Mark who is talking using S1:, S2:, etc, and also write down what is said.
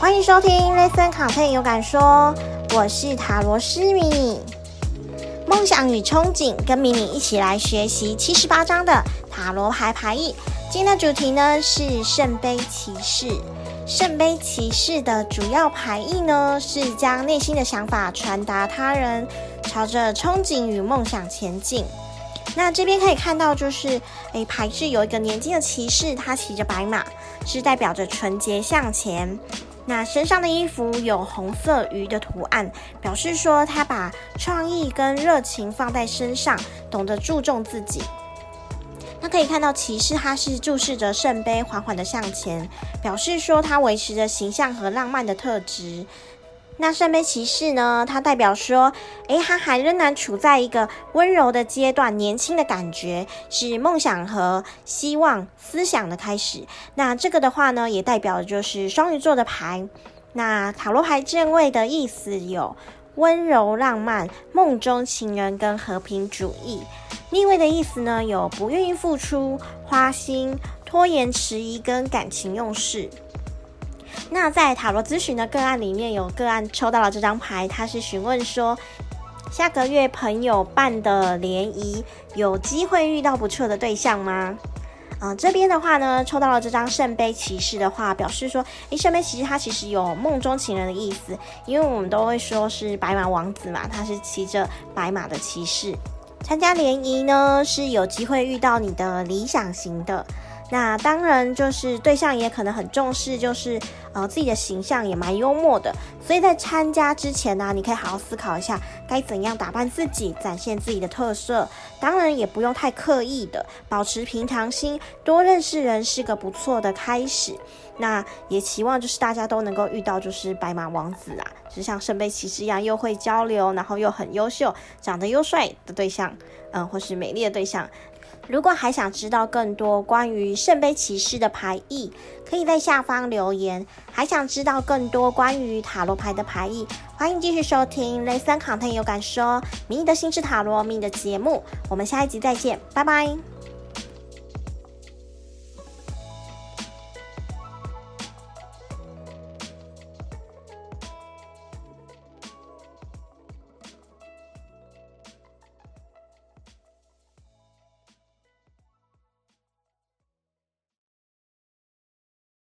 S1: 歡迎收聽《ListenContent 有感說》，我是塔羅師迷你，夢想與憧憬，跟迷你一起來學習七十八張的塔羅牌牌意。今天的主題呢是聖杯騎士。聖杯騎士的主要牌意呢是將內心的想法傳達他人，朝着憧憬與夢想前進。那這邊可以看到，就是哎，牌質有一個年輕的騎士，他騎着白馬，是代表着純潔向前。那身上的衣服有紅色魚的圖案，表示說他把創意跟熱情放在身上，懂得注重自己。那可以看到騎士他是注視着聖杯，緩緩的向前，表示說他維持着形象和浪漫的特質。那聖杯騎士呢？它代表說，誒、欸，他還仍然處在一個溫柔的階段，年輕的感覺是夢想和希望、思想的開始。那這個的話呢，也代表的就是雙魚座的牌。那塔羅牌正位的意思有溫柔、浪漫、夢中情人跟和平主義；逆位的意思呢，有不願意付出、花心、拖延、遲疑跟感情用事。那在塔羅諮詢的個案裡面，有個案抽到了這張牌，他是詢問說，下個月朋友辦的聯誼，有機會遇到不錯的對象嗎？嗯、呃，這邊的話呢，抽到了這張聖杯騎士的話，表示說，誒、欸，聖杯騎士他其實有夢中情人的意思，因為我們都會說是白馬王子嘛，他是騎着白馬的騎士，參加聯誼呢是有機會遇到你的理想型的。那當然，就是對象也可能很重視，就是呃自己的形象也蠻幽默的，所以在參加之前呢、啊，你可以好好思考一下，該怎樣打扮自己，展現自己的特色。當然也不用太刻意的，保持平常心，多認識人是個不錯的開始。那也期望就是大家都能夠遇到就是白馬王子啊，就是像聖杯騎士一樣又會交流，然後又很優秀，長得又帥的對象，嗯、呃，或是美麗的對象。如果還想知道更多關於聖杯騎士的牌意，可以在下方留言。還想知道更多關於塔羅牌的牌意，歡迎繼續收聽 ListenContent 有感說《迷你的星之塔羅迷你的節目》。我們下一集再見，拜拜。